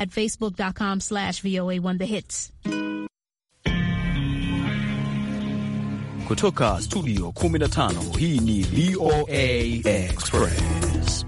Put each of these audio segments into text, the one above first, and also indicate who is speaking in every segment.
Speaker 1: at facebook.com slash voa one The Hits.
Speaker 2: Kutoka studio 15 hii ni VOA Express.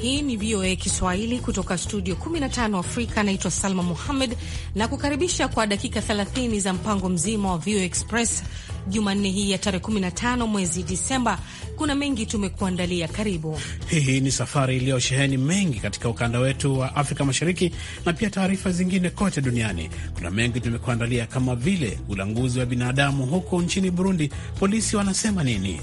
Speaker 3: Hii ni VOA Kiswahili kutoka studio 15 Afrika. Naitwa Salma Muhammed na kukaribisha kwa dakika 30 za mpango mzima wa VOA Express Jumanne hii ya tarehe 15 mwezi Disemba. Kuna mengi tumekuandalia, karibu.
Speaker 4: Hii ni safari iliyosheheni mengi katika ukanda wetu wa Afrika Mashariki na pia taarifa zingine kote duniani. Kuna mengi tumekuandalia kama vile ulanguzi wa binadamu huko nchini Burundi, polisi wanasema nini,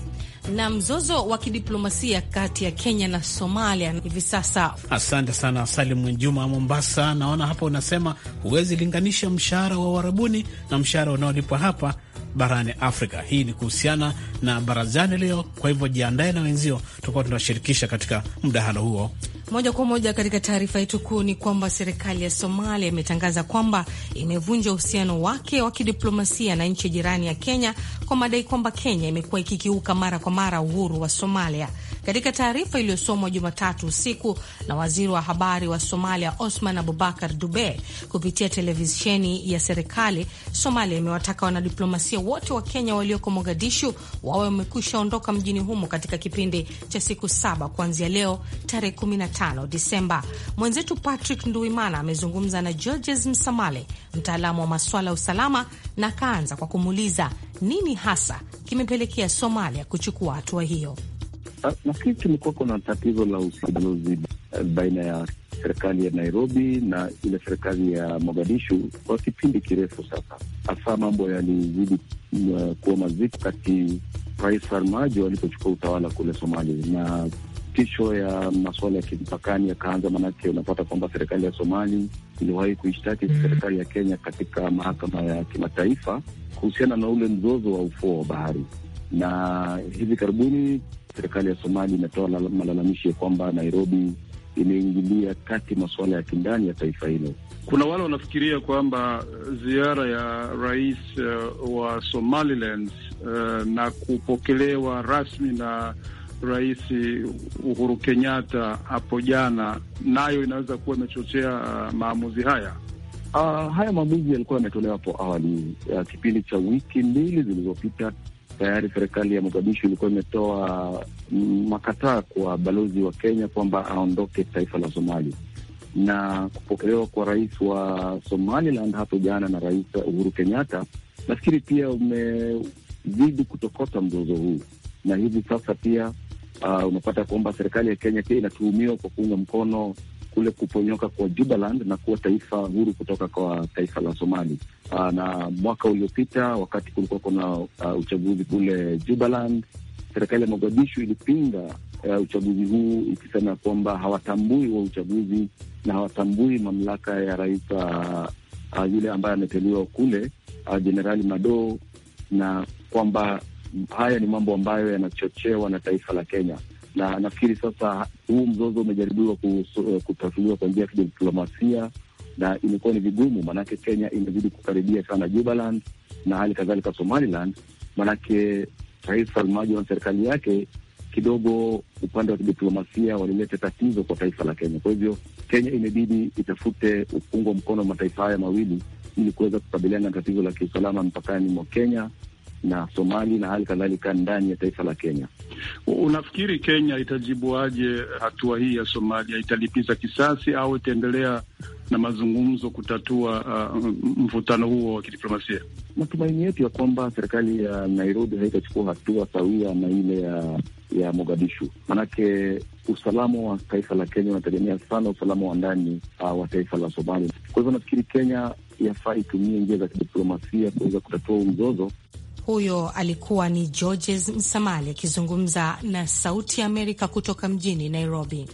Speaker 3: na mzozo wa kidiplomasia kati ya Kenya na Somalia hivi sasa.
Speaker 4: Asante sana Salim juma Mombasa. Naona hapa unasema huwezi linganisha mshahara wa Warabuni na mshahara unaolipwa hapa barani Afrika. Hii ni kuhusiana na barazani leo, kwa hivyo jiandae na wenzio, tutakuwa tunashirikisha katika mdahalo huo.
Speaker 3: Moja kwa moja katika taarifa yetu kuu ni kwamba serikali ya Somalia imetangaza kwamba imevunja uhusiano wake wa kidiplomasia na nchi jirani ya Kenya kwa madai kwamba Kenya imekuwa ikikiuka mara kwa mara uhuru wa Somalia. Katika taarifa iliyosomwa Jumatatu usiku na waziri wa habari wa Somalia Osman Abubakar Dube kupitia televisheni ya serikali, Somalia imewataka wanadiplomasia wote wa Kenya walioko Mogadishu wawe wamekwisha ondoka mjini humo katika kipindi cha siku saba kuanzia leo tarehe 15 Disemba. Mwenzetu Patrick Nduimana amezungumza na Georges Msamale, mtaalamu wa maswala ya usalama, na akaanza kwa kumuuliza nini hasa kimepelekea Somalia kuchukua hatua hiyo.
Speaker 5: Nafikiri tumekuwa kuna tatizo la usimamizi eh, baina ya serikali ya Nairobi na ile serikali ya Mogadishu kwa kipindi kirefu sasa, hasa mambo yalizidi eh, kuwa mazito kati Rais Farmajo alipochukua utawala kule Somali na tisho ya masuala ya kimpakani yakaanza, manake unapata kwamba serikali ya Somali iliwahi kuishtaki mm, serikali ya Kenya katika mahakama ya kimataifa kuhusiana na ule mzozo wa ufuo wa bahari, na hivi karibuni serikali ya Somalia imetoa malalamishi ya kwamba Nairobi imeingilia kati masuala ya kindani ya taifa hilo. Kuna wale wanafikiria kwamba uh, ziara ya rais uh, wa Somaliland uh, na kupokelewa rasmi na Rais Uhuru Kenyatta hapo jana, nayo inaweza kuwa imechochea uh, maamuzi haya. Uh, haya maamuzi yalikuwa yametolewa hapo awali uh, kipindi cha wiki mbili zilizopita tayari serikali ya Mogadishu ilikuwa imetoa mm, makataa kwa balozi wa Kenya kwamba aondoke taifa la Somalia na kupokelewa kwa rais wa Somaliland hapo jana na Rais Uhuru Kenyatta nafikiri pia umezidi kutokota mzozo huu, na hivi sasa pia uh, unapata kwamba serikali ya Kenya pia inatuhumiwa kwa kuunga mkono kule kuponyoka kwa Jubaland na kuwa taifa huru kutoka kwa taifa la Somali. Aa, ah, na mwaka uliopita wakati kulikuwa kuna uh, uchaguzi kule Jubaland, serikali ya Mogadishu ilipinga uh, uchaguzi huu ikisema ya kwamba hawatambui wa uchaguzi na hawatambui mamlaka ya rais uh, uh, yule ambaye ameteuliwa kule jenerali mado na kwamba haya ni mambo ambayo yanachochewa na taifa la Kenya na nafikiri sasa huu mzozo umejaribiwa eh, kutatuliwa kwa njia ya kidiplomasia na imekuwa ni vigumu, maanake Kenya imezidi kukaribia sana Jubaland na hali kadhalika Somaliland, maanake Rais Farmajo na serikali yake kidogo upande wa kidiplomasia walileta tatizo kwa taifa la Kenya. Kwa hivyo Kenya imebidi itafute upungwa mkono wa mataifa haya mawili ili kuweza kukabiliana na tatizo la kiusalama mpakani mwa Kenya na Somali na hali kadhalika ndani ya taifa la Kenya. Unafikiri Kenya itajibuaje hatua hii ya Somalia? Italipiza kisasi au itaendelea na mazungumzo kutatua uh, mvutano huo wa kidiplomasia? Matumaini yetu ya kwamba serikali ya Nairobi haitachukua hatua sawia na ile ya ya Mogadishu, manake usalama wa taifa la Kenya unategemea sana usalama wa ndani uh, wa taifa la Somalia. Kwa hivyo nafikiri Kenya yafaa itumie njia za kidiplomasia kuweza
Speaker 4: kutatua mzozo
Speaker 3: huyo alikuwa ni Georges Msamali akizungumza na Sauti ya Amerika kutoka mjini Nairobi.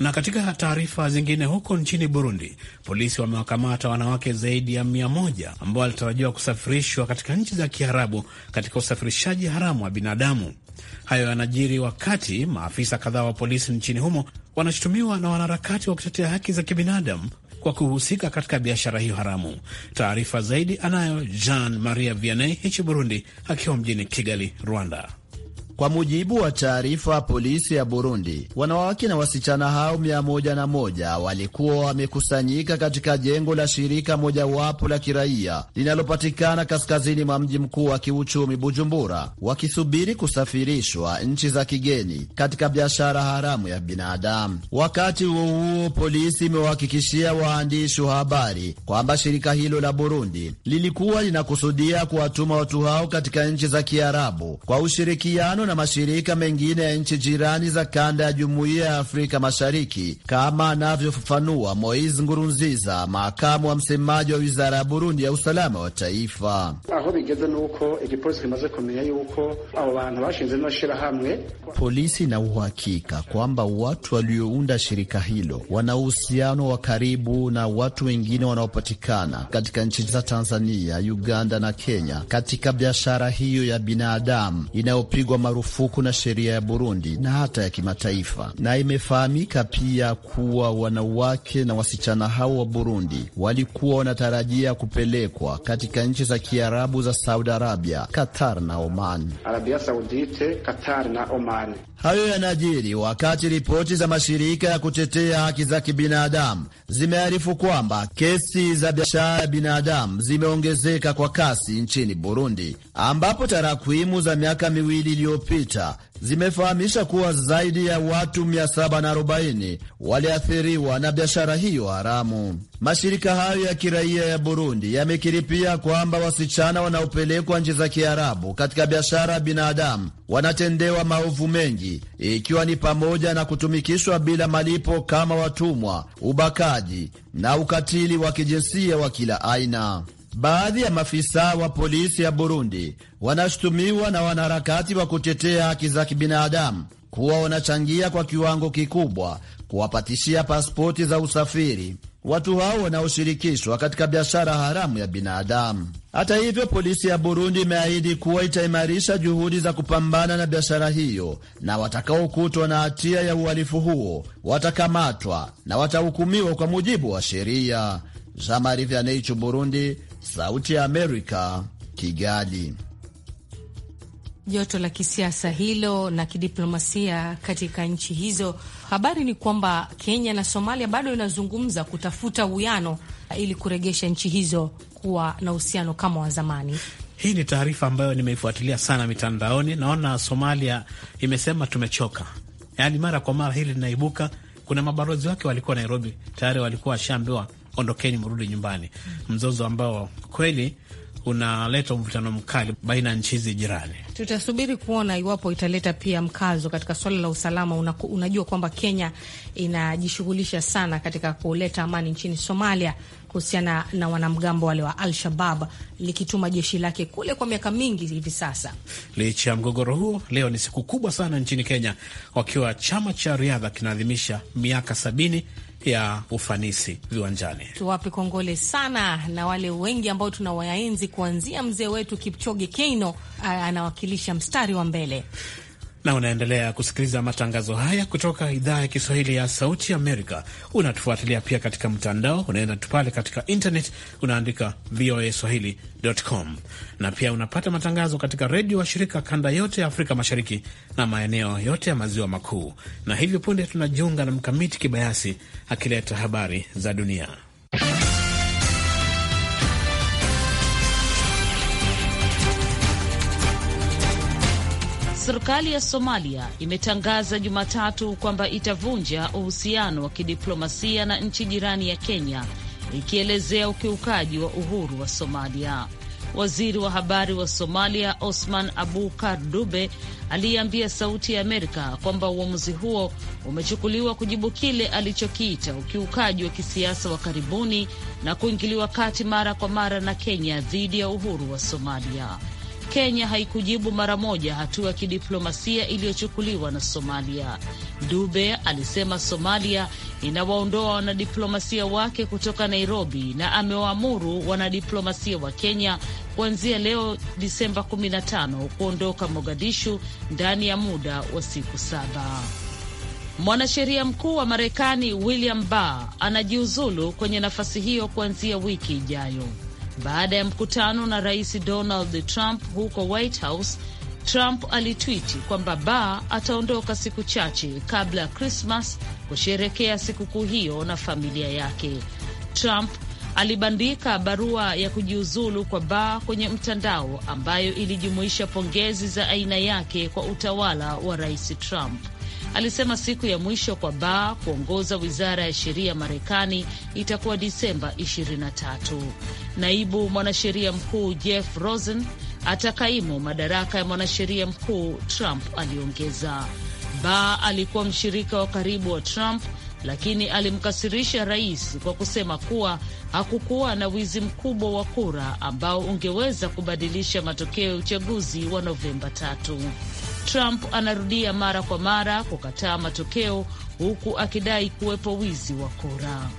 Speaker 4: Na katika taarifa zingine, huko nchini Burundi, polisi wamewakamata wanawake zaidi ya mia moja ambao walitarajiwa kusafirishwa katika nchi za Kiarabu katika usafirishaji haramu wa binadamu. Hayo yanajiri wakati maafisa kadhaa wa polisi nchini humo wanashutumiwa na wanaharakati wa kutetea haki za kibinadamu kwa kuhusika katika biashara hiyo haramu. Taarifa zaidi anayo Jean Maria Vianney hichi Burundi, akiwa mjini Kigali, Rwanda. Kwa mujibu wa
Speaker 2: taarifa polisi ya Burundi, wanawake na wasichana hao mia moja na moja walikuwa wamekusanyika katika jengo la shirika mojawapo la kiraia linalopatikana kaskazini mwa mji mkuu wa kiuchumi Bujumbura, wakisubiri kusafirishwa nchi za kigeni katika biashara haramu ya binadamu. Wakati huo huo, polisi imewahakikishia waandishi wa habari kwamba shirika hilo la Burundi lilikuwa linakusudia kuwatuma watu hao katika nchi za Kiarabu kwa ushirikiano na mashirika mengine ya nchi jirani za kanda ya jumuiya ya Afrika Mashariki, kama anavyofafanua mois Ngurunziza, makamu wa msemaji wa wizara ya Burundi ya usalama wa taifa. polisi na uhakika kwamba watu waliounda shirika hilo wana uhusiano wa karibu na watu wengine wanaopatikana katika nchi za Tanzania, Uganda na Kenya katika biashara hiyo ya binadamu inayopigwa marufuku marufuku na sheria ya Burundi na hata ya kimataifa, na imefahamika pia kuwa wanawake na wasichana hao wa Burundi walikuwa wanatarajia kupelekwa katika nchi za Kiarabu za Saudi Arabia, Qatar na Oman.
Speaker 6: Arabia Saudite, Qatar na Oman.
Speaker 2: Hayo yanajiri wakati ripoti za mashirika ya kutetea haki za kibinadamu zimearifu kwamba kesi za biashara ya binadamu zimeongezeka kwa kasi nchini Burundi, ambapo tarakwimu za miaka miwili iliyopita uliopita zimefahamisha kuwa zaidi ya watu 740 waliathiriwa na biashara hiyo haramu. Mashirika hayo ya kiraia ya Burundi yamekiri pia kwamba wasichana wanaopelekwa nchi za Kiarabu katika biashara ya binadamu wanatendewa maovu mengi, ikiwa ni pamoja na kutumikishwa bila malipo kama watumwa, ubakaji na ukatili wa kijinsia wa kila aina. Baadhi ya maafisa wa polisi ya Burundi wanashutumiwa na wanaharakati wa kutetea haki za kibinadamu kuwa wanachangia kwa kiwango kikubwa kuwapatishia pasipoti za usafiri watu hao wanaoshirikishwa katika biashara haramu ya binadamu. Hata hivyo, polisi ya Burundi imeahidi kuwa itaimarisha juhudi za kupambana na biashara hiyo, na watakaokutwa na hatia ya uhalifu huo watakamatwa na watahukumiwa kwa mujibu wa sheria. Burundi, Sauti ya Amerika, Kigali.
Speaker 3: Joto la kisiasa hilo na kidiplomasia katika nchi hizo. Habari ni kwamba Kenya na Somalia bado inazungumza kutafuta uwiano ili kuregesha nchi hizo kuwa na uhusiano kama wa zamani.
Speaker 4: Hii ni taarifa ambayo nimeifuatilia sana mitandaoni. Naona Somalia imesema tumechoka, yaani mara kwa mara hili linaibuka. Kuna mabalozi wake walikuwa Nairobi tayari, walikuwa washaambiwa ondokeni, mrudi nyumbani, mzozo ambao kweli unaleta mvutano mkali baina ya nchi hizi jirani.
Speaker 3: Tutasubiri kuona iwapo italeta pia mkazo katika swala la usalama. unajua kwamba Kenya inajishughulisha sana katika kuleta amani nchini Somalia kuhusiana na wanamgambo wale wa Al-Shabab likituma jeshi lake kule kwa miaka mingi hivi sasa.
Speaker 4: Licha ya mgogoro huo, leo ni siku kubwa sana nchini Kenya, wakiwa chama cha riadha kinaadhimisha miaka sabini ya ufanisi viwanjani.
Speaker 3: Tuwape kongole sana na wale wengi ambao tunawaenzi kuanzia mzee wetu Kipchoge Keino anawakilisha mstari wa mbele
Speaker 4: na unaendelea kusikiliza matangazo haya kutoka idhaa ya Kiswahili ya Sauti Amerika. Unatufuatilia pia katika mtandao, unaenda tupale katika internet, unaandika voa swahili.com, na pia unapata matangazo katika redio wa shirika kanda yote ya Afrika Mashariki na maeneo yote ya Maziwa Makuu. Na hivyo punde tunajiunga na Mkamiti Kibayasi akileta habari za dunia.
Speaker 1: Serikali ya Somalia imetangaza Jumatatu kwamba itavunja uhusiano wa kidiplomasia na nchi jirani ya Kenya, ikielezea ukiukaji wa uhuru wa Somalia. Waziri wa habari wa Somalia Osman abukar Dube aliyeambia Sauti ya Amerika kwamba uamuzi huo umechukuliwa kujibu kile alichokiita ukiukaji wa kisiasa wa karibuni na kuingiliwa kati mara kwa mara na Kenya dhidi ya uhuru wa Somalia. Kenya haikujibu mara moja hatua ya kidiplomasia iliyochukuliwa na Somalia. Dube alisema Somalia inawaondoa wanadiplomasia wake kutoka Nairobi na amewaamuru wanadiplomasia wa Kenya kuanzia leo Disemba 15 kuondoka Mogadishu ndani ya muda wa siku saba. Mwanasheria mkuu wa Marekani William Barr anajiuzulu kwenye nafasi hiyo kuanzia wiki ijayo baada ya mkutano na Rais Donald Trump huko White House. Trump alitwiti kwamba ba ataondoka siku chache kabla ya Krismas kusherekea sikukuu hiyo na familia yake. Trump alibandika barua ya kujiuzulu kwa ba kwenye mtandao ambayo ilijumuisha pongezi za aina yake kwa utawala wa Rais Trump alisema siku ya mwisho kwa Barr kuongoza wizara ya sheria Marekani itakuwa Disemba 23. Naibu mwanasheria mkuu Jeff Rosen atakaimu madaraka ya mwanasheria mkuu, Trump aliongeza. Barr alikuwa mshirika wa karibu wa Trump, lakini alimkasirisha rais kwa kusema kuwa hakukuwa na wizi mkubwa wa kura ambao ungeweza kubadilisha matokeo ya uchaguzi wa Novemba tatu. Trump anarudia mara kwa mara kukataa matokeo huku akidai kuwepo wizi wa kura.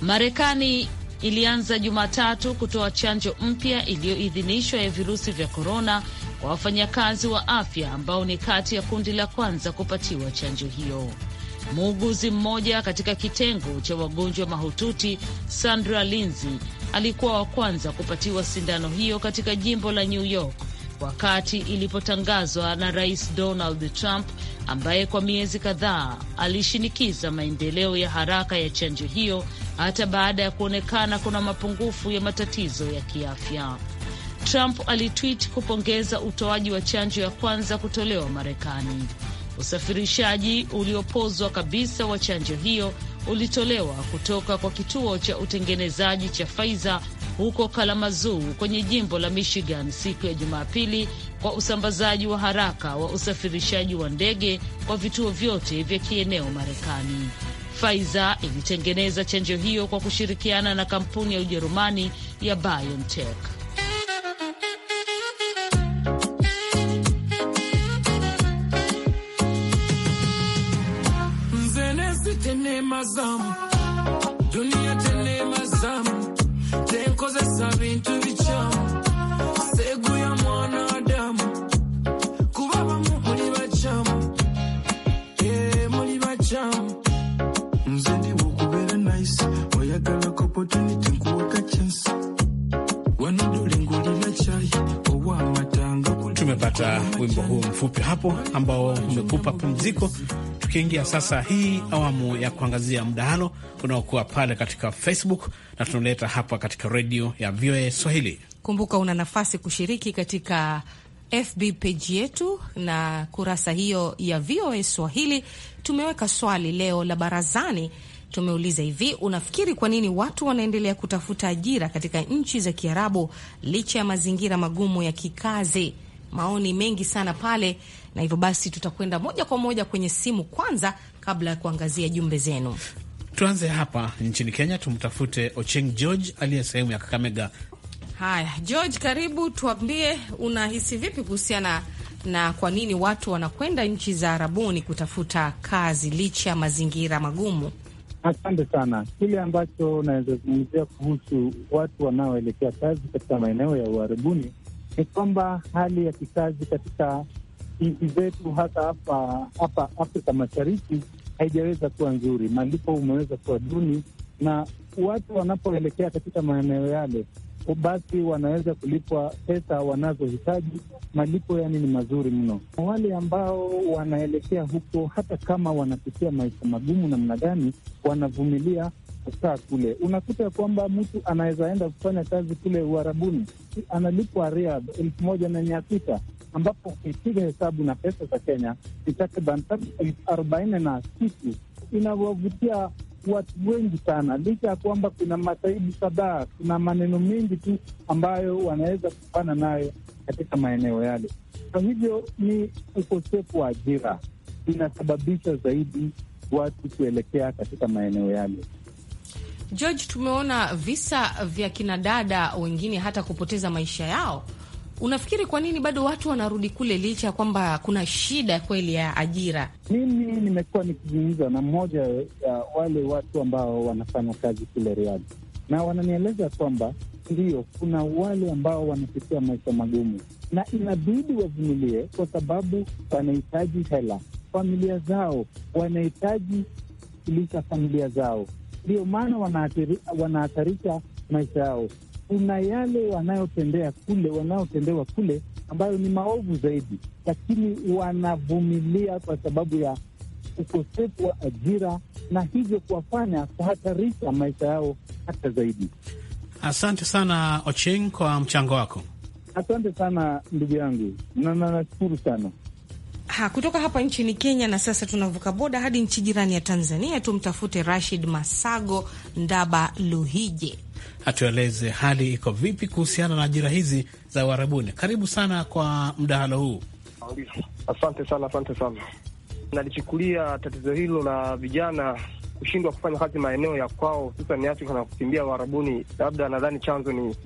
Speaker 1: Marekani ilianza Jumatatu kutoa chanjo mpya iliyoidhinishwa ya virusi vya korona kwa wafanyakazi wa afya ambao ni kati ya kundi la kwanza kupatiwa chanjo hiyo. Muuguzi mmoja katika kitengo cha wagonjwa mahututi Sandra Lindsay alikuwa wa kwanza kupatiwa sindano hiyo katika jimbo la New York wakati ilipotangazwa na Rais Donald Trump ambaye kwa miezi kadhaa alishinikiza maendeleo ya haraka ya chanjo hiyo hata baada ya kuonekana kuna mapungufu ya matatizo ya kiafya. Trump alitwit kupongeza utoaji wa chanjo ya kwanza kutolewa Marekani. Usafirishaji uliopozwa kabisa wa chanjo hiyo ulitolewa kutoka kwa kituo cha utengenezaji cha Pfizer huko Kalamazoo kwenye jimbo la Michigan siku ya Jumapili kwa usambazaji wa haraka wa usafirishaji wa ndege kwa vituo vyote vya kieneo Marekani. Pfizer ilitengeneza chanjo hiyo kwa kushirikiana na kampuni ya Ujerumani ya BioNTech.
Speaker 7: mazamu dunia tene mazamu tenkozesa bintu bicamu kubabamu muli bacamu e eh, muli bacamu nze ndi wokubeera nice oyagalako
Speaker 4: opportunity nkuwaka tumepata wimbo huu mfupi hapo ambao umekupa pumziko tukiingia sasa hii awamu ya kuangazia mdahalo unaokuwa pale katika Facebook na tunaleta hapa katika redio ya VOA Swahili.
Speaker 3: Kumbuka una nafasi kushiriki katika FB peji yetu na kurasa hiyo ya VOA Swahili. Tumeweka swali leo la barazani, tumeuliza hivi, unafikiri kwa nini watu wanaendelea kutafuta ajira katika nchi za Kiarabu licha ya mazingira magumu ya kikazi? Maoni mengi sana pale na hivyo basi tutakwenda moja kwa moja kwenye simu kwanza kabla ya kuangazia jumbe zenu.
Speaker 4: Tuanze hapa nchini Kenya, tumtafute Ocheng George aliye sehemu ya Kakamega.
Speaker 3: Haya George, karibu, tuambie unahisi vipi kuhusiana na kwa nini watu wanakwenda nchi za Arabuni kutafuta kazi licha ya mazingira magumu? Asante sana.
Speaker 6: Kile ambacho naweza zungumzia kuhusu watu wanaoelekea kazi katika maeneo ya uharibuni ni kwamba hali ya kikazi katika nchi zetu hata hapa hapa Afrika Mashariki haijaweza kuwa nzuri, malipo umeweza kuwa duni, na watu wanapoelekea katika maeneo yale basi wanaweza kulipwa pesa wanazohitaji. Malipo yani ni mazuri mno. Wale ambao wanaelekea huko, hata kama wanapitia maisha magumu namna gani, wanavumilia kukaa kule. Unakuta kwamba mtu anaweza enda kufanya kazi kule Uharabuni, analipwa Riyadh elfu moja na mia sita ambapo ukipiga hesabu na pesa za Kenya ni takriban elfu arobaini na siku, inawavutia watu wengi sana, licha ya kwamba kuna masaibu kadhaa, kuna maneno mengi tu ambayo wanaweza kupana nayo katika maeneo yale. Kwa hivyo ni ukosefu wa ajira inasababisha zaidi watu kuelekea katika maeneo yale.
Speaker 3: George, tumeona visa vya kinadada wengine hata kupoteza maisha yao Unafikiri kwa nini bado watu wanarudi kule licha ya kwamba kuna shida kweli ya ajira?
Speaker 6: Mimi nimekuwa nikizungumza na mmoja ya wale watu ambao wanafanya kazi kule Riadhi, na wananieleza kwamba ndio kuna wale ambao wanapitia maisha magumu na inabidi wavumilie, kwa sababu wanahitaji hela, familia zao wanahitaji kulisha familia zao, ndio maana wanahatarisha maisha yao kuna yale wanayotendea kule wanayotendewa kule ambayo ni maovu zaidi, lakini wanavumilia kwa sababu ya ukosefu wa ajira na hivyo kuwafanya kuhatarisha maisha
Speaker 4: yao hata zaidi. Asante sana Ocheng kwa mchango wako.
Speaker 6: Asante sana ndugu yangu, na nashukuru sana.
Speaker 3: Ha, kutoka hapa nchini Kenya na sasa tunavuka boda hadi nchi jirani ya Tanzania, tumtafute Rashid Masago Ndaba Luhije
Speaker 4: atueleze hali iko vipi kuhusiana na ajira hizi za uharabuni Karibu sana kwa mdahalo huu. Asante sana, asante sana.
Speaker 8: Nalichukulia tatizo hilo la vijana kushindwa kufanya kazi maeneo ya kwao, ni Afrika na kukimbia uharabuni labda nadhani chanzo ni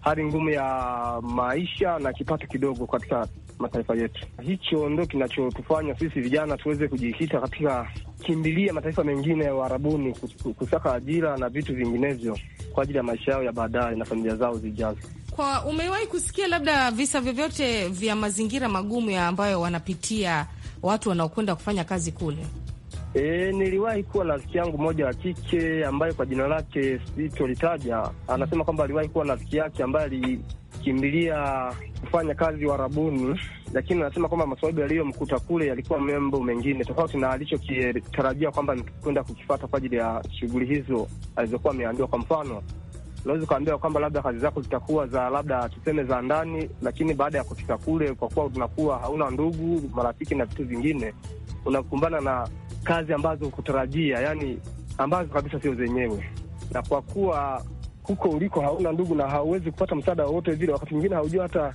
Speaker 8: hali ngumu ya maisha na kipato kidogo katika mataifa yetu. Hicho ndo kinachotufanya sisi vijana tuweze kujikita katika kimbilia mataifa mengine ya uharabuni kusaka ajira na vitu vinginevyo kwa ajili ya maisha yao ya baadaye na familia zao zijazo.
Speaker 3: Kwa umewahi kusikia labda visa vyovyote vya mazingira magumu ya ambayo wanapitia watu wanaokwenda kufanya kazi kule?
Speaker 8: E, niliwahi kuwa na rafiki yangu mmoja wa kike ambaye kwa jina lake sitolitaja, anasema kwamba aliwahi kuwa na rafiki yake ambaye alikimbilia kufanya kazi warabuni lakini anasema kwamba masababu yaliyomkuta kule yalikuwa mambo mengine tofauti na alichokitarajia kwamba kwenda kukifata kwa ajili ya shughuli hizo alizokuwa ameambiwa. Kwa mfano, unaweza ukaambiwa kwamba labda kazi zako zitakuwa za labda tuseme za ndani, lakini baada ya kufika kule, kwa kuwa unakuwa hauna ndugu, marafiki na vitu vingine, unakumbana na kazi ambazo hukutarajia, yani ambazo kabisa sio zenyewe, na kwa kuwa huko uliko hauna ndugu na hauwezi kupata msaada wowote zile, Wakati mwingine haujua hata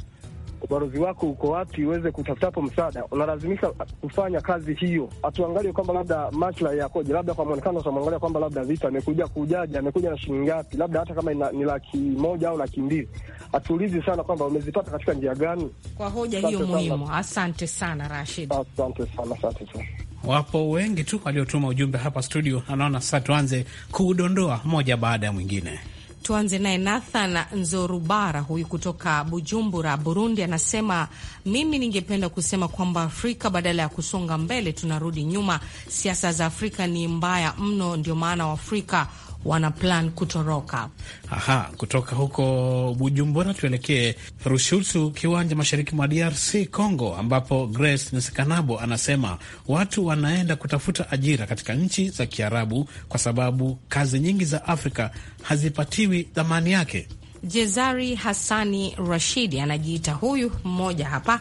Speaker 8: ubalozi wako uko wapi, uweze kutafutapo msaada, unalazimika kufanya kazi hiyo. Hatuangalie kwamba labda maslahi yakoje, labda kwa mwonekano utamwangalia kwamba labda vita amekuja kujaja, amekuja na shilingi ngapi, labda hata kama ina, ni laki moja au laki mbili. Hatuulizi sana kwamba umezipata katika njia gani.
Speaker 3: Kwa hoja hiyo muhimu, asante sana Rashid, asante sana, asante sana.
Speaker 4: Wapo wengi tu waliotuma ujumbe hapa studio, anaona sasa tuanze kuudondoa moja baada ya mwingine.
Speaker 3: Tuanze naye Nathan Nzorubara, huyu kutoka Bujumbura, Burundi, anasema mimi ningependa kusema kwamba Afrika badala ya kusonga mbele tunarudi nyuma. Siasa za Afrika ni mbaya mno, ndio maana Waafrika wana plan kutoroka.
Speaker 4: Aha, kutoka huko Bujumbura tuelekee Rushuru, kiwanja mashariki mwa DRC Congo, ambapo Grace Nsekanabo anasema watu wanaenda kutafuta ajira katika nchi za Kiarabu kwa sababu kazi nyingi za Afrika hazipatiwi thamani yake.
Speaker 3: Jezari hasani Rashidi anajiita huyu mmoja hapa.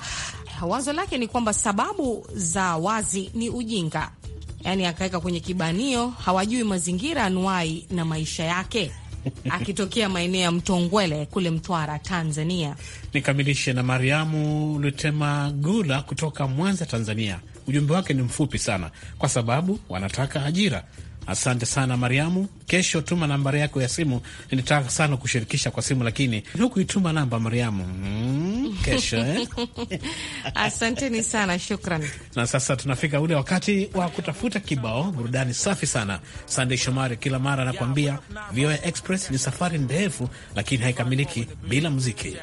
Speaker 3: Wazo lake ni kwamba sababu za wazi ni ujinga yani akaweka kwenye kibanio, hawajui mazingira anuai na maisha yake akitokea maeneo ya Mtongwele kule Mtwara, Tanzania.
Speaker 4: Nikamilishe na Mariamu Lutema Gula kutoka Mwanza, Tanzania. Ujumbe wake ni mfupi sana, kwa sababu wanataka ajira Asante sana Mariamu. Kesho tuma nambari yako ya simu, nitaka sana kushirikisha kwa simu lakini hukuituma namba Mariamu. Mm,
Speaker 3: kesho eh? Asanteni sana, shukran.
Speaker 4: Na sasa tunafika ule wakati wa kutafuta kibao burudani safi sana. Sandey Shomari kila mara anakuambia VOA Express ni safari ndefu, lakini haikamiliki bila muziki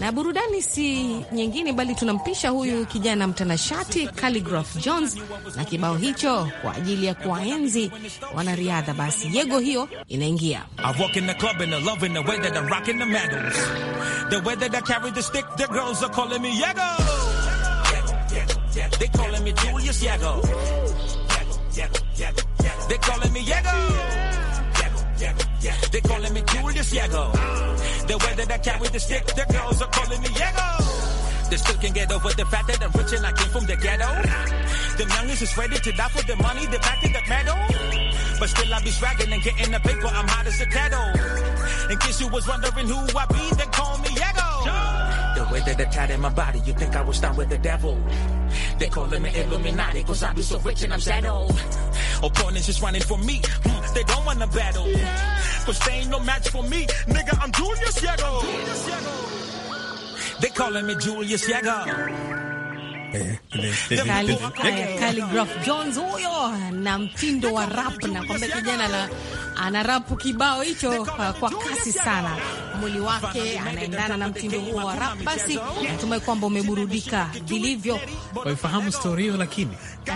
Speaker 3: na burudani si nyingine bali tunampisha huyu kijana mtanashati Khaligraph Jones na kibao hicho kwa ajili ya kuwaenzi wanariadha. Basi yego hiyo inaingia
Speaker 7: They calling me Julius Yago. The way that I carry the stick, the girls are calling me Yago. They still can't get over the fact that I'm rich and I came from the ghetto. The youngest is ready to die for the money, the fact that metal. But still I be swaggin' and gettin' the paper, I'm hot as a kettle. In case you was wondering who I be, then call me the way that they tied my body, you think I was down with the devil. They calling me Illuminati, cause I be so rich and I'm settled. Opponents just running for me, hmm, they don't wanna battle. Cause they ain't no match for me, nigga, I'm Julius Yego. They calling me Julius Yego. Calligraph
Speaker 3: Jones huyo oh, na mtindo wa rap, na kwamba kijana ana rap kibao hicho uh, kwa kasi sana. mwili wake anaendana na mtindo huo wa rap, basi natumai kwamba umeburudika vilivyo.
Speaker 4: Waifahamu stori hiyo, lakini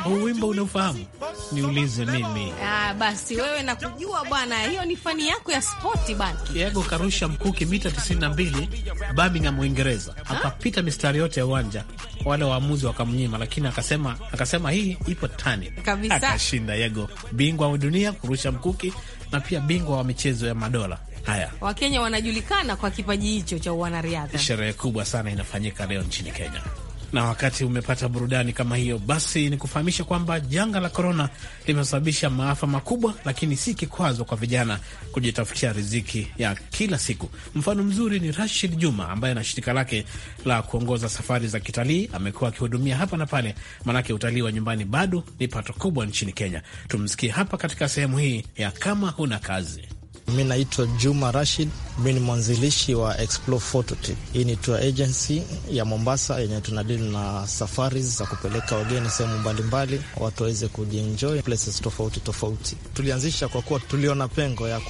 Speaker 4: huu wimbo unaofahamu Niulize mimi.
Speaker 3: Ah, basi wewe nakujua bwana, hiyo ni fani yako ya spoti bana.
Speaker 4: Diego karusha mkuki mita 92 Birmingham, Uingereza, akapita mistari yote ya uwanja, wale waamuzi wakamnyima, lakini akasema akasema hii ipo tani kabisa, akashinda Yego, bingwa wa dunia kurusha mkuki na pia bingwa wa michezo ya madola. Haya,
Speaker 3: Wakenya wanajulikana kwa kipaji hicho cha wanariadha.
Speaker 4: Sherehe kubwa sana inafanyika leo nchini Kenya, na wakati umepata burudani kama hiyo, basi ni kufahamisha kwamba janga la korona limesababisha maafa makubwa, lakini si kikwazo kwa vijana kujitafutia riziki ya kila siku. Mfano mzuri ni Rashid Juma ambaye na shirika lake la kuongoza safari za kitalii amekuwa akihudumia hapa na pale, maanake utalii wa nyumbani bado ni pato kubwa nchini Kenya. Tumsikie hapa katika sehemu hii ya kama huna kazi
Speaker 9: Mi naitwa Juma Rashid, mi ni mwanzilishi wa Explore Phototip. Hii ni tour agency ya Mombasa yenye tunadili na safari za kupeleka wageni sehemu mbalimbali, watu waweze kujienjoy places tofauti tofauti. Tulianzisha kwa kuwa tuliona pengo ya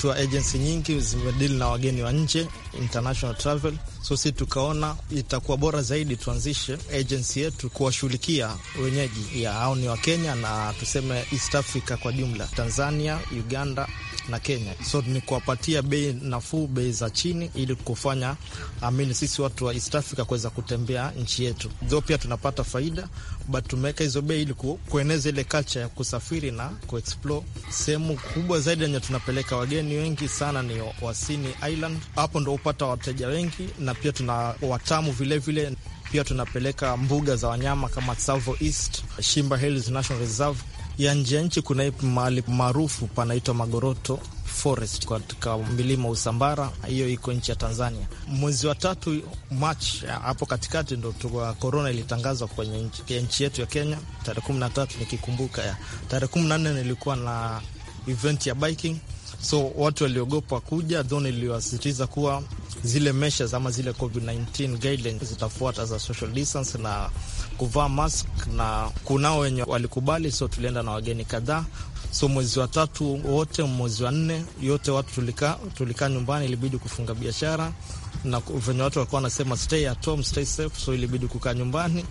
Speaker 9: tour agency nyingi zimedili na wageni wa nje, international travel, so si tukaona itakuwa bora zaidi tuanzishe agency yetu kuwashughulikia wenyeji ya au ni Wakenya na tuseme East Africa kwa jumla, Tanzania, Uganda na Kenya, so ni kuwapatia bei nafuu, bei za chini, ili kufanya amini sisi watu wa East Africa kuweza kutembea nchi yetu, o pia tunapata faida, but tumeweka hizo bei ili kueneza ile culture ya kusafiri na kuexplore sehemu kubwa zaidi. Enye tunapeleka wageni wengi sana ni Wasini Island, hapo ndo hupata wateja wengi, na pia tuna watamu vilevile vile. Pia tunapeleka mbuga za wanyama kama Tsavo East, Shimba Hills National Reserve ya nje ya nchi kuna mahali maarufu panaitwa Magoroto Forest katika milima Usambara, hiyo iko nchi ya Tanzania. Mwezi wa tatu mach hapo katikati ndo korona ilitangazwa kwenye nchi yetu ya Kenya tarehe kumi na tatu nikikumbuka, tarehe kumi na nne nilikuwa na event ya biking so watu waliogopa kuja. Dhoni iliwasisitiza kuwa zile measures ama zile COVID-19 guidelines zitafuata za social distance na kuvaa mask, na kunao wenye walikubali, so tulienda na wageni kadhaa. So mwezi wa tatu wote, mwezi wa nne yote watu tulikaa tulika nyumbani, ilibidi kufunga biashara na venye watu walikuwa wanasema stay at home, stay safe, so ilibidi kukaa nyumbani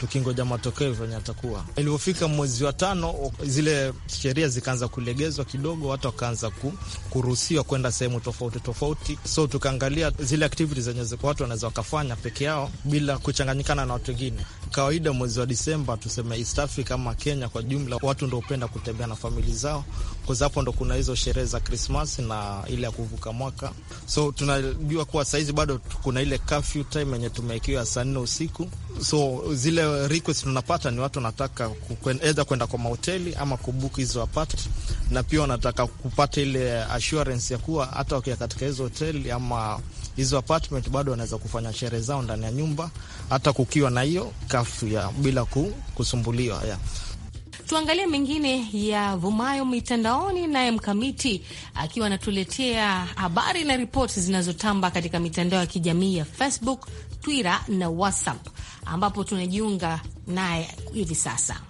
Speaker 9: tukingoja matokeo venye atakuwa. Ilivyofika mwezi wa tano, zile sheria zikaanza kulegezwa kidogo, watu wakaanza ku, kuruhusiwa kwenda sehemu tofauti tofauti, so tukaangalia zile aktiviti zenye watu wanaweza wakafanya peke yao bila kuchanganyikana na watu wengine. Kawaida mwezi wa Disemba, tuseme East Africa ama Kenya kwa jumla, watu ndo hupenda kutembea na famili zao, kwa sababu ndo kuna hizo sherehe za Krismas na ile ya kuvuka mwaka. So tunajua kuwa sahizi bado kuna ile curfew time yenye tumeekiwa saa nne usiku, so zile unapata request tunapata ni watu wanataka kuenda kwenda kwa mahoteli ama kubuk hizo apart, na pia wanataka kupata ile assurance ya kuwa hata wakiwa katika hizo hoteli ama hizo apartment bado wanaweza kufanya sherehe zao ndani ya nyumba hata kukiwa na hiyo kafu ya bila kusumbuliwa ya.
Speaker 3: Tuangalie mengine ya vumayo mitandaoni, naye Mkamiti akiwa anatuletea habari na ripoti zinazotamba katika mitandao ya kijamii ya Facebook, Twitter na WhatsApp ambapo tunajiunga naye hivi sasa.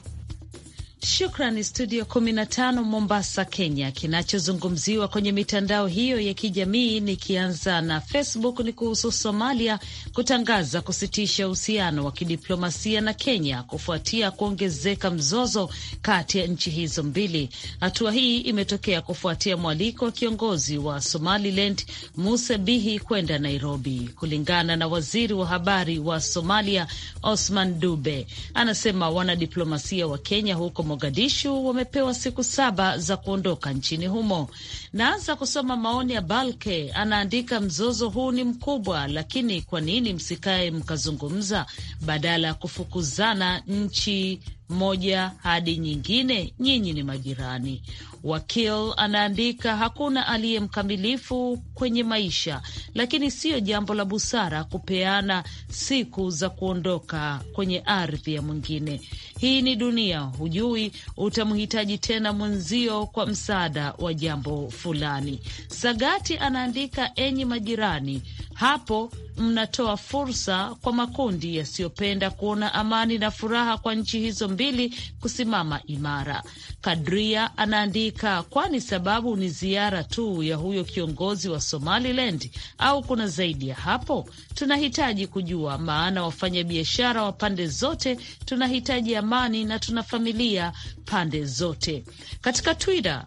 Speaker 1: Shukrani studio 15 Mombasa, Kenya. Kinachozungumziwa kwenye mitandao hiyo ya kijamii, nikianza na Facebook, ni kuhusu Somalia kutangaza kusitisha uhusiano wa kidiplomasia na Kenya kufuatia kuongezeka mzozo kati ya nchi hizo mbili. Hatua hii imetokea kufuatia mwaliko wa kiongozi wa Somaliland Musa Bihi kwenda Nairobi. Kulingana na waziri wa habari wa Somalia Osman Dube, anasema wanadiplomasia wa Kenya huko Mogadishu wamepewa siku saba za kuondoka nchini humo. Naanza kusoma maoni ya Balke, anaandika mzozo huu ni mkubwa, lakini kwa nini msikae mkazungumza badala ya kufukuzana nchi moja hadi nyingine? Nyinyi ni majirani. Wakil anaandika, hakuna aliye mkamilifu kwenye maisha, lakini siyo jambo la busara kupeana siku za kuondoka kwenye ardhi ya mwingine. Hii ni dunia, hujui utamhitaji tena mwenzio kwa msaada wa jambo fulani. Sagati anaandika, enyi majirani, hapo mnatoa fursa kwa makundi yasiyopenda kuona amani na furaha kwa nchi hizo mbili kusimama imara. Kadria anaandika kuaminika, kwani sababu ni ziara tu ya huyo kiongozi wa Somaliland au kuna zaidi ya hapo? Tunahitaji kujua, maana wafanyabiashara wa pande zote tunahitaji amani na tuna familia pande zote. Katika Twitter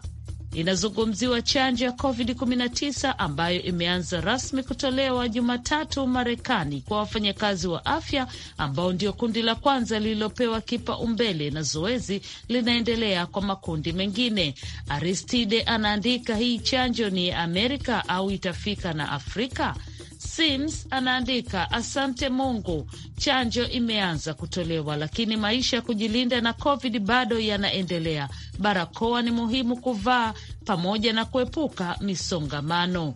Speaker 1: inazungumziwa chanjo ya COVID-19 ambayo imeanza rasmi kutolewa Jumatatu Marekani kwa wafanyakazi wa afya ambao ndio kundi la kwanza lililopewa kipaumbele, na zoezi linaendelea kwa makundi mengine. Aristide anaandika, hii chanjo ni Amerika au itafika na Afrika? Sims anaandika asante Mungu, chanjo imeanza kutolewa, lakini maisha ya kujilinda na COVID bado yanaendelea. Barakoa ni muhimu kuvaa pamoja na kuepuka misongamano.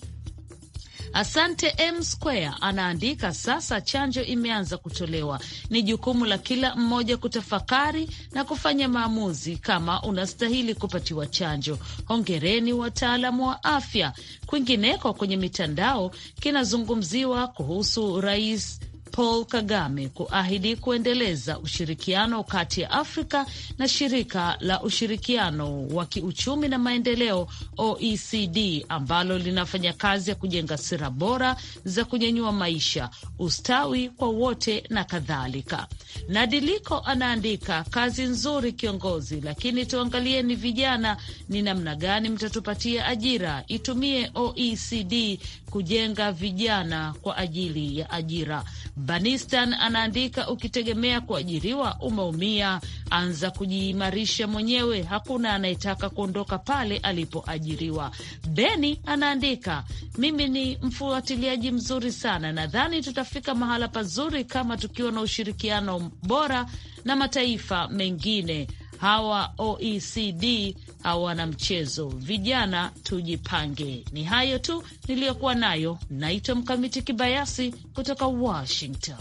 Speaker 1: Asante M Square anaandika, sasa chanjo imeanza kutolewa, ni jukumu la kila mmoja kutafakari na kufanya maamuzi kama unastahili kupatiwa chanjo. Hongereni wataalamu wa afya. Kwingineko kwenye mitandao kinazungumziwa kuhusu rais Paul Kagame kuahidi kuendeleza ushirikiano kati ya Afrika na shirika la ushirikiano wa kiuchumi na maendeleo OECD ambalo linafanya kazi ya kujenga sera bora za kunyanyua maisha, ustawi kwa wote na kadhalika. Nadiliko anaandika kazi nzuri kiongozi, lakini tuangalie ni vijana, ni namna gani mtatupatia ajira. Itumie OECD kujenga vijana kwa ajili ya ajira. Banistan anaandika, ukitegemea kuajiriwa umeumia, anza kujiimarisha mwenyewe. Hakuna anayetaka kuondoka pale alipoajiriwa. Beni anaandika, mimi ni mfuatiliaji mzuri sana, nadhani tutafika mahala pazuri kama tukiwa na ushirikiano bora na mataifa mengine hawa OECD hawana mchezo. Vijana tujipange. Ni hayo tu niliyokuwa nayo. Naitwa Mkamiti Kibayasi kutoka Washington.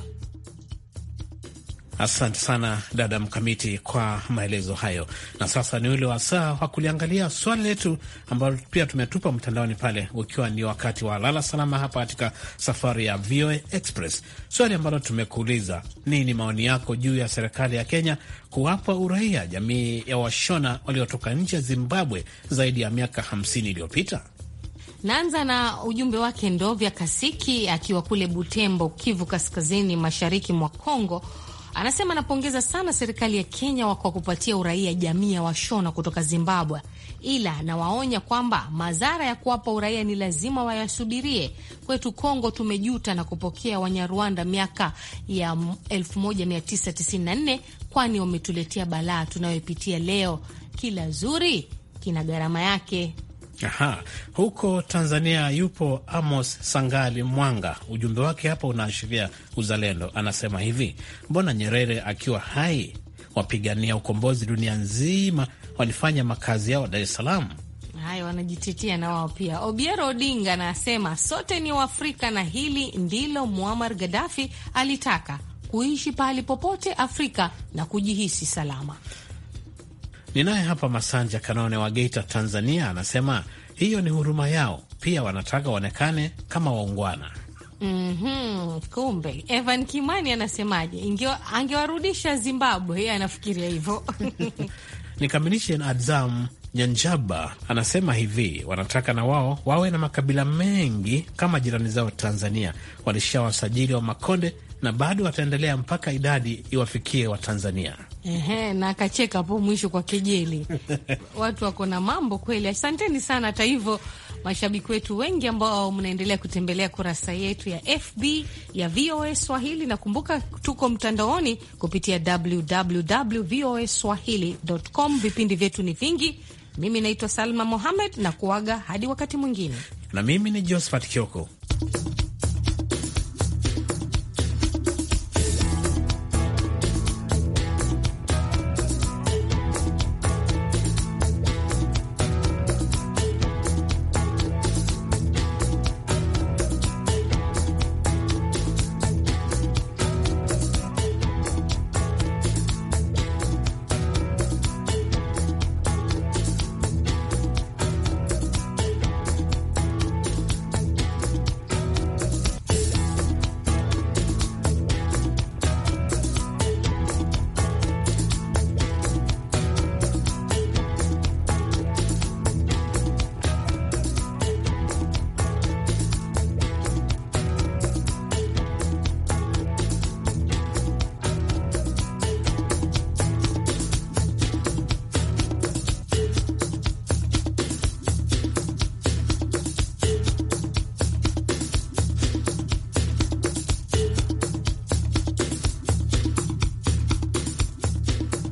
Speaker 4: Asante sana dada Mkamiti kwa maelezo hayo, na sasa ni ule wasaa wa kuliangalia swali letu ambalo pia tumetupa mtandaoni pale, ukiwa ni wakati wa lala salama hapa katika safari ya VOA Express. Swali ambalo tumekuuliza, nini maoni yako juu ya serikali ya Kenya kuwapa uraia jamii ya Washona waliotoka nje ya Zimbabwe zaidi ya miaka 50 iliyopita?
Speaker 3: Naanza na ujumbe wake Ndovya Kasiki akiwa kule Butembo, Kivu Kaskazini, mashariki mwa Kongo. Anasema anapongeza sana serikali ya Kenya kwa kupatia uraia jamii ya Washona kutoka Zimbabwe, ila nawaonya kwamba madhara ya kuwapa uraia ni lazima wayasubirie. Kwetu Kongo tumejuta na kupokea Wanyarwanda miaka ya 1994 kwani wametuletea balaa tunayoipitia leo. Kila zuri kina gharama yake.
Speaker 4: Aha. Huko Tanzania yupo Amos Sangali Mwanga, ujumbe wake hapa unaashiria uzalendo. Anasema hivi, mbona Nyerere akiwa hai wapigania ukombozi dunia nzima walifanya makazi yao Dar es Salaam?
Speaker 3: Haya, wanajitetea na wao pia. Obiero Odinga anasema sote ni Waafrika na hili ndilo Muammar Gaddafi alitaka, kuishi pahali popote Afrika na kujihisi salama.
Speaker 4: Ninaye hapa Masanja Kanone wa Geita, Tanzania, anasema hiyo ni huruma yao, pia wanataka waonekane kama waungwana.
Speaker 3: Mm -hmm. Kumbe Evan Kimani anasemaje? Angewarudisha Zimbabwe, yeye anafikiria hivyo.
Speaker 4: Nikamilishe Adzam Nyanjaba anasema hivi, wanataka na wao wawe na makabila mengi kama jirani zao Tanzania, walishawasajili wa Makonde na bado wataendelea mpaka idadi iwafikie Watanzania.
Speaker 3: Ehe, na akacheka hapo mwisho kwa kejeli. Watu wako na mambo kweli. Asanteni sana hata hivyo mashabiki wetu wengi ambao mnaendelea kutembelea kurasa yetu ya FB ya VOA Swahili, na kumbuka tuko mtandaoni kupitia www.voaswahili.com. Vipindi vyetu ni vingi. Mimi naitwa Salma Mohamed na kuaga hadi wakati mwingine,
Speaker 4: na mimi ni Josephat Kioko.